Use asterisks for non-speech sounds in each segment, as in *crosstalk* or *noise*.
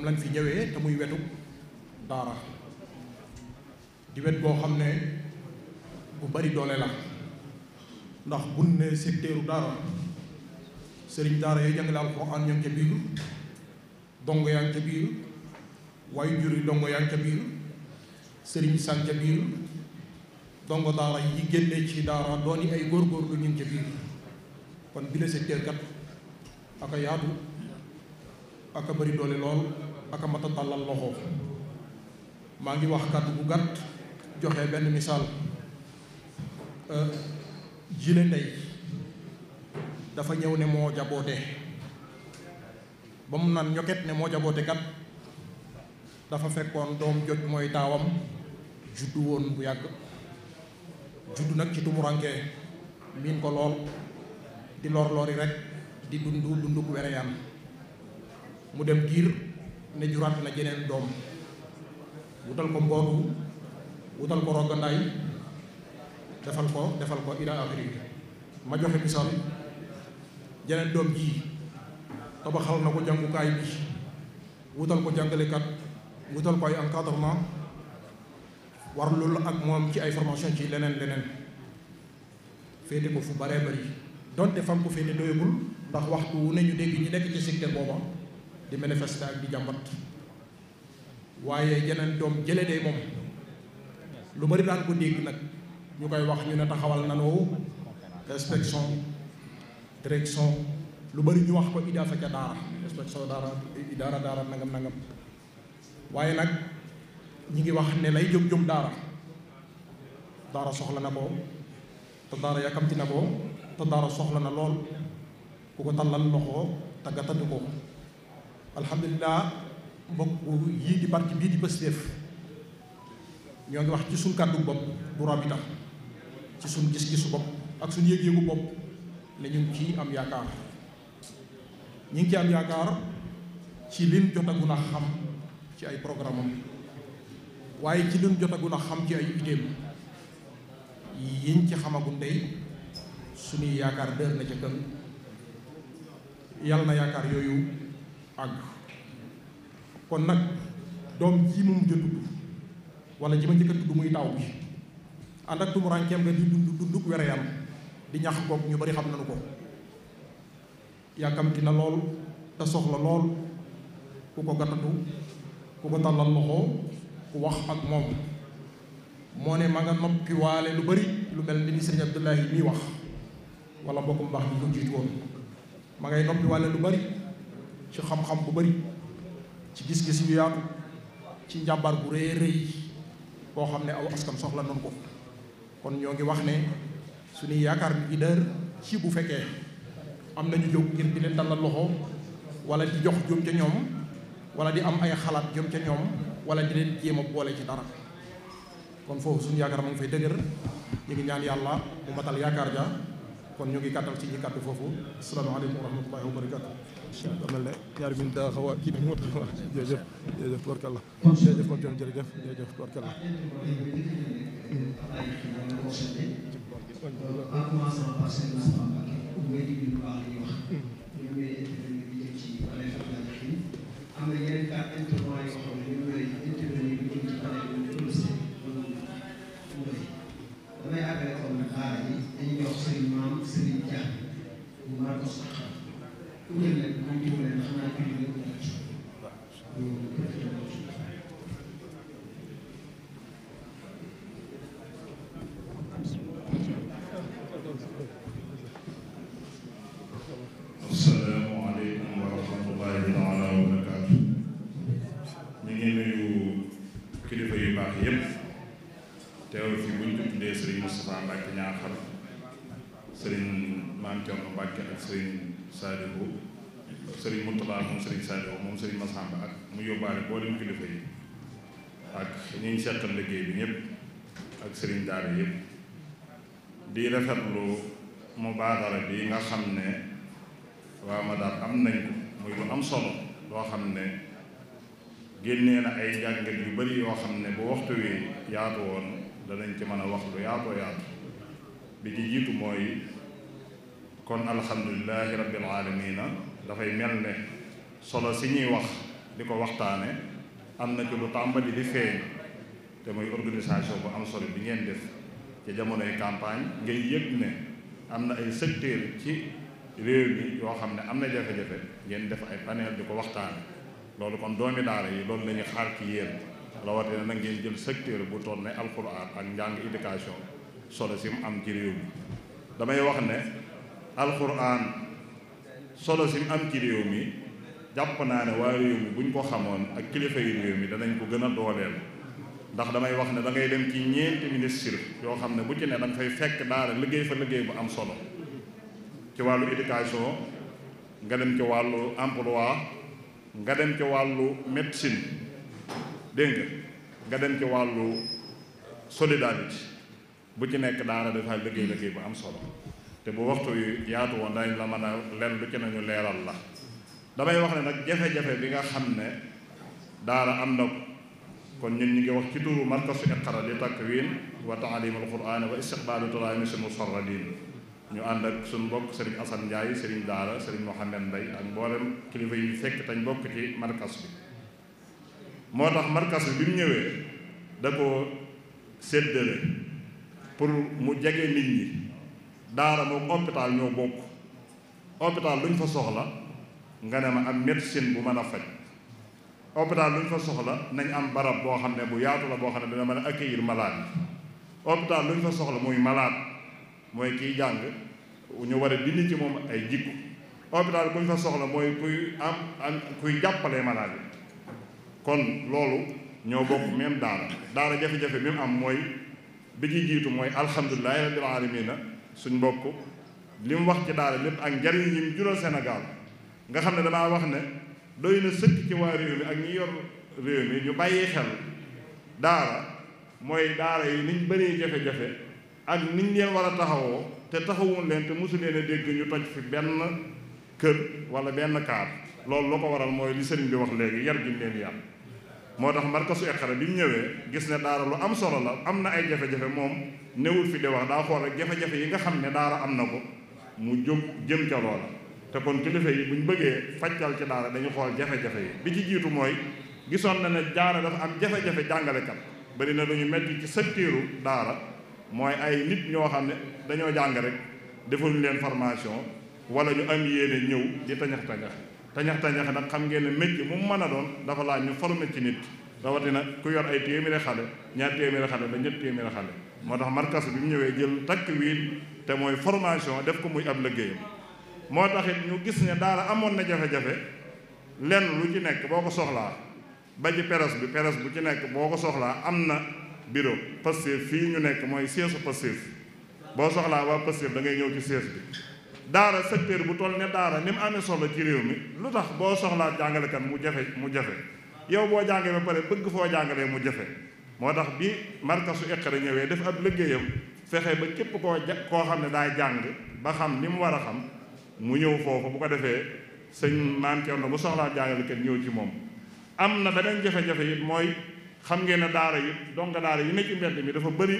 moom lañ fi ñëwee te muy wetu daara di wet boo xam ne bu bari doole la ndax buñ ne secteuru daara sëriñ daara yooyu jàngale alxuraan ña ngi ca biir dongo yaa ca biir waaye juri ca biir dongo daara yi génne ci daara doon yi ay góorgóorlu ñu ngi ca biir kon bi la secteur kat aka yaatu aka bari doole lool ak a a tàllal loxo maa ngi wax kàddu bu gàtt joxe benn misaal euh, jile ndey dafa ñëw ne moo jaboote ba mu naan ñokket ne moo jaboote kat dafa fekkoon doom joj mooy taawam juddu woon bu yàgg juddu nag ci tumuranke miin ko lool di lor lori rek di dund dunduk wereyaan mu dem giir ne juraat na jeneen doom wutal ko mbootu wutal ko roggandaay defal ko defal ko ila afrique ma joxe misaal jeneen doom ji tabaxal na ko jàngukaay bi wutal ko jàngalekat wutal ko ay encadrement war loolu ak moom ci ay formation ci leneen leneen féete ko fu baree bari donte fam ko féete doyagul ndax waxtu wu ne ñu dégg ñu nekk ci secteur booba di manifester ak di jàmbat waaye jeneen doom jële day moom lu bari daan ko dégg nag ñu koy wax ñu ne taxawal nanoo inspection direction lu bari ñu wax ko idaafa ca daara inspection daara daara daara nangam nangam waaye nag ñi ngi wax ne lay jóg jóg daara daara soxla na ko te daara yàkkamti na ko te daara soxla na lool ku ko tàllal loxo tàggatandi ko alhamdulilah mbokk yii di parti bii di def ñoo ngi wax ci suñ kàddu bopp bu rob ci suñ gis-gisu bopp ak suñ yëg-yëgu bopp ne ñu ngi ciy am yaakaar ñu ngi ci am yaakaar ci liñ jotagun a xam ci ay programme waaye ci liñ jotagun a xam ci ay idéem yiñ ci xamagun day suñuy yaakaar dër na ca yàlla na yaakaar yooyu àgg kon nag doom ji mu mujj a tudd ji ma njëkk a muy taw bi ànd ak tumuraankeem nga di dund dunduk were yam di ñax koog ñu bari xam na nañu ko yàkkamti na lool te soxla lool ku ko gattatu ku ko tàllal loxo ku wax ak moom moo ne ma nga noppi waale lu bari lu mel ni sëriñ Abdullahi mii wax wala mbokkum baax bi ko jiitu woon ma ngay noppi lu bari ci xam-xam bu bari ci gis-gis yu yaatu ci njàmbar bu rëy rëy boo xam ne aw askan soxla noonu ko kon ñoo ngi wax ne suñuy yaakaar mi ngi dër ci bu fekkee am nañu jóg ngir di leen dalal loxo wala di jox jëm ca ñoom wala di am ay xalaat jëm ca ñoom wala di leen jéem a boole ci dara kon foofu suñu yaakaar mu ngi fay dëgër ñu ngi ñaan yàlla mu matal yaakaar ja kon ñu ngi gàttal ci ñi kàddu foofu asalaamaaleykum wa rahmatullahi wa barakatu da mel ne ñaari min daa xaw a kii bi mu *laughs* jërëjëf jërëjëf tubarkalla jërëjëf jërëjëf tubarkalla utal leen man jiw leen xam naa jiw leen utal ci loolu képp ci loolu ci asalaamaaleykum wa rahmatullahi taala wa barakaatu ñu ngi nuyu kilifa yu baax yépp teew fi buñ ko tuddee Serigne Moustapha Mbacke ñaa xam Serigne Mame Thierno Mbacke ak Serigne Saalihu sëriñ Murtala moom sëriñ Saalihu moom sëriñ Masamba ak mu yóbbaale boolem kilifa yi ak ñi ñu seqal liggéey bi ñëpp ak sëriñ daara yëpp di mu mubaadara bi nga xam ne waa Madaar am nañ ko muy lu am solo loo xam ne génnee na ay jàngat yu bari yoo xam ne bu waxtu wi yaatu woon danañ ci mën a wax lu yaatoo yaatu bi ci jiitu mooy kon alhamdulilahi rabbil alamina dafay mel ne solo si ñuy wax di ko waxtaane am na ci lu tàmbali di feeñ te mooy organisation bu am solo bi ngeen def ci jamonoy campagne ngay yëg ne am na ay secteur ci réew mi yoo xam ne am na jafe-jafe ngeen def ay panel di ko waxtaane loolu kon doomi daara yi loolu la ñuy xaar ci yéen rawatina nag ngeen jël secteur bu tool toll ne alxuraan ak njàng éducation solo si mu am ci réew mi damay wax ne alxuraan solo si mu am ci réew mi jàpp naa ne waaye réew mi buñ ko xamoon ak kilifa yi réew mi danañ ko gën a dooleel ndax damay wax ne dangay dem ci ñeenti ministre yoo xam ne bu ci ne da fay fekk daara liggéey fa liggéey bu am solo ci wàllu éducation nga dem ci wàllu emploi nga dem ci wàllu médecine dégg nga dem ci wàllu solidarité bu ci nekk daara dafay liggéey liggéey bu am solo te bu waxtu yu yaatu woon dañ la mën a leen lu ci nañu leeral la damay wax ne nag jafe-jafe bi nga xam ne daara am na kon ñun ñu ngi wax ci turu markasu iqra li takwin wa taalim alquran wa istiqbaalu talaami si musarradin ñu ànd ak suñu mbokk sëriñ Assane Ndiaye sëriñ daara sëriñ Mouhamed Mbaye ak mboolem kilifa yi fekk tañ bokk ci markas bi moo tax markas bi bi mu ñëwee da ko séddale pour mu jege nit ñi daara moom hôpital ñoo bokk hôpital lu ñu fa soxla nga ne ma am médecine bu mën a faj hôpital lu ñu fa soxla nañ am barab boo xam ne bu yaatu la boo xam ne dina mën a accueillir malade hôpital lu ñu fa soxla muy malade mooy kiy jàng ñu war a dindi ci moom ay jikko hôpital bu fa soxla mooy kuy am am kuy jàppale malade yi kon loolu ñoo bokk même daara daara jafe-jafe bi mu am mooy bi ci jiitu mooy alhamdulilahi rabbil alamina suñ mbokk li mu wax ci daal lépp ak njariñ yi mu jural Sénégal nga xam ne danaa wax ne doy na sëkk ci waa réew mi ak ñi yor réew mi ñu bàyyi xel daara mooy daara yi niñ baree jafe-jafe ak niñ leen war a taxawoo te taxawuñ leen te mosu leen dégg ñu toj fi benn kër wala benn kaar loolu loo ko waral mooy li sëriñ bi wax léegi yar gi leen yar moo tax markasu Iqra bi mu ñëwee gis ne daara lu am solo la am na ay jafe-jafe moom newul fii de wax daa xool rek jafe-jafe yi nga xam ne daara am na ko mu jóg jëm ca loola te kon kilifa yi buñ bëggee fajtal ci daara dañu xool jafe-jafe yi bi ci jiitu mooy gisoon na ne daara dafa am jafe-jafe jàngalekat bari na dañu metti ci secteuru daara mooy ay nit ñoo xam ne dañoo jàng rek defuñu leen formation wala ñu am yéene ñëw di tañax tañax-tañax nag xam ngeen ne métier mu mën a doon dafa laa ñu formé ci nit rawatina ku yor ay téeméeri xale ñaar téeméeri xale ba ñett téeméeri xale moo tax markas bi mu ñëwee jël takk wiin te mooy formation def ko muy ab liggéeyam moo taxit ñu gis ne daara amoon na jafe-jafe lenn lu ci nekk boo ko soxlaa ba ci peres bi peres bu ci nekk boo ko soxlaa am na bureau Pastef fii ñu nekk mooy siège Pastef boo soxlaa waa Pastef da ngay ñëw ci siège bi daara secteur bu toll ne daara ni mu amee solo ci réew mi lu tax boo jàngale jàngalekat mu jafe mu jafe yow boo jàngee ba pare bëgg foo jàngalee mu jafe moo tax bi markasu Iqra ñëwee def ab liggéeyam fexe ba képp koo ja koo xam ne daay jàng ba xam ni mu war a xam mu ñëw foofu bu ko defee sëñ maam Thierno bu soxlaa jàngalekat ñëw ci moom. am na beneen jafe-jafe it mooy xam ngeen ne daara yi donga daara yi ne ci mbedd mi dafa bëri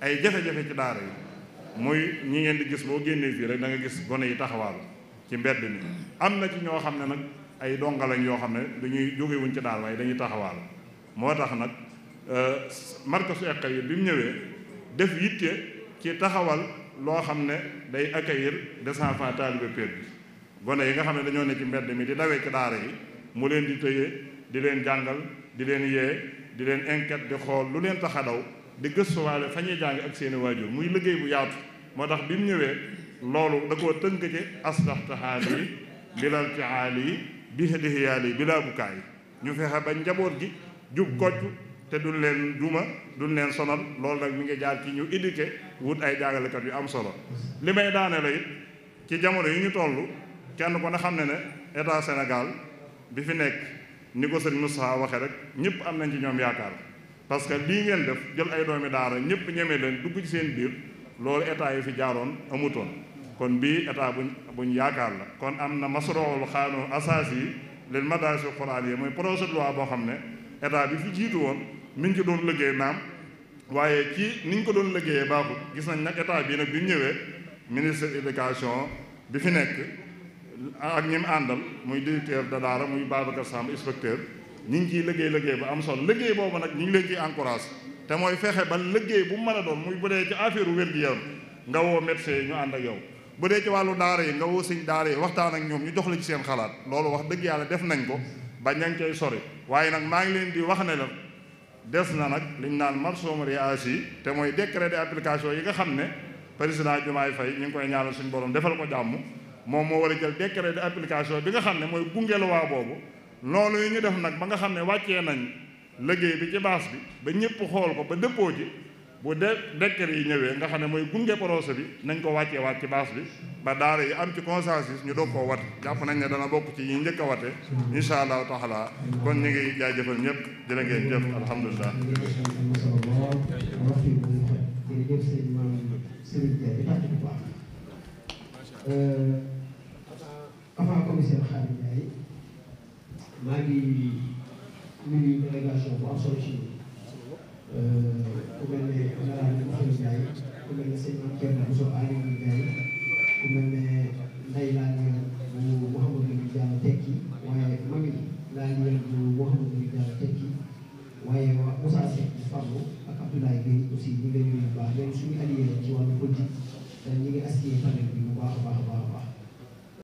ay jafe-jafe ci daara yi. muy ñi ngeen di gis boo génnee fii rek da nga gis gone yi taxawaalu ci mbedd mi am na ci ñoo xam ne nag ay donga yoo xam ne dañuy jógewuñ ci daal waaye dañuy taxawaalu moo tax nag euh, markasu accueil bi mu ñëwee def yitte ci taxawal loo xam ne day accueillir des enfants talibé bi gone yi nga xam ne dañoo ne ci mbedd mi di dawee ci daara yi mu leen di tëye di leen jàngal di leen yee di leen enquête di xool lu leen tax a daw di gëstuwaale fa ñuy jàng ak seen i waajur muy liggéey bu yaatu moo tax bi mu ñëwee loolu da koo tënk ci aslaxta xaali yi bilal ci xaali yi bilaa bukaay ñu fexe ba njaboot gi jub kocc te du leen duma du leen sonal loolu nag mi ngi jaar ci ñu éduqué wut ay jàngalekat yu am solo li may daane la ci jamono yi ñu toll kenn ko na xam ne ne état senegal bi fi nekk ni ko sëñ Moussa waxee rek ñëpp am nañ ci ñoom yaakaar parce que lii ngeen def jël ay doomi daara ñëpp ñeme leen dugg ci seen biir loolu état yi fi jaaroon amutoon kon bii état buñ buñ yaakaar la kon am na masroolu xaanu asaas yi leen madaris quraan yi mooy projet de boo xam ne état bi fi jiitu woon mi ngi ci doon liggéey naam waaye ci ni ñu ko doon liggéeyee baaxut gis nañ nag état bii nag bi ñu ñëwee ministre éducation bi fi nekk ak ñim àndal muy directeur de daara muy Babacar Samb inspecteur ñu ngi ciy liggéey liggéey bu am solo liggéey boobu nag ñu ngi leen ciy encouragé te mooy fexe ba liggéey bu mën a doon muy bu dee ci affaire wér-gi-yaram nga woo médecin yi ñu ànd ak yow bu dee ci wàllu daara yi nga woo sëñ daara yi waxtaan ak ñoom ñu jox la ci seen xalaat loolu wax dëgg yàlla def nañ ko ba ña ngi cay sori waaye nag maa ngi leen di wax ne la des na nag liñ naan marsom réag yi te mooy décret application yi nga xam ne président Diomaye fay ñu ngi koy ñaanal suñu borom defal ko jàmm moom moo war a jël décret d'application bi nga xam ne mooy gungeelu waa boobu loolu yi ñu def nag ba nga xam ne wàccee nañ liggéey bi ci baas bi ba ñëpp xool ko ba dëppoo ji bu de décret yi ñëwee nga xam ne mooy gunge projet bi nañ ko wàccee waat ci baas bi ba daara yi am ci consensus ñu doog ko wat jàpp nañ ne dana bokk ci ñi njëkk a wate insha allahu taala kon ñu ngi jaajëfal ñëpp jërë ngeen jëf alhamdulilah euh, avant commissaire Khadim Ndiaye maa ngi nuyu délégation bu am solo ci euh, ku mel ne Mawalane Moussa Ndiaye ku mel ne sëñ Thierno Bousso Aliou Ndiaye ku mel ne Ndeye Laagne bu Mouhamadou Diallo Tekki waaye Mami Laagne bu Mouhamadou Diallo Tekki waaye waa Moussa Seck bu Fallou ak Abdoulaye Gueye aussi ñu ngi leen di nuyu bu baax ñoom suñu allié ci wàllu politique euh, ñu ngi assuré tamit.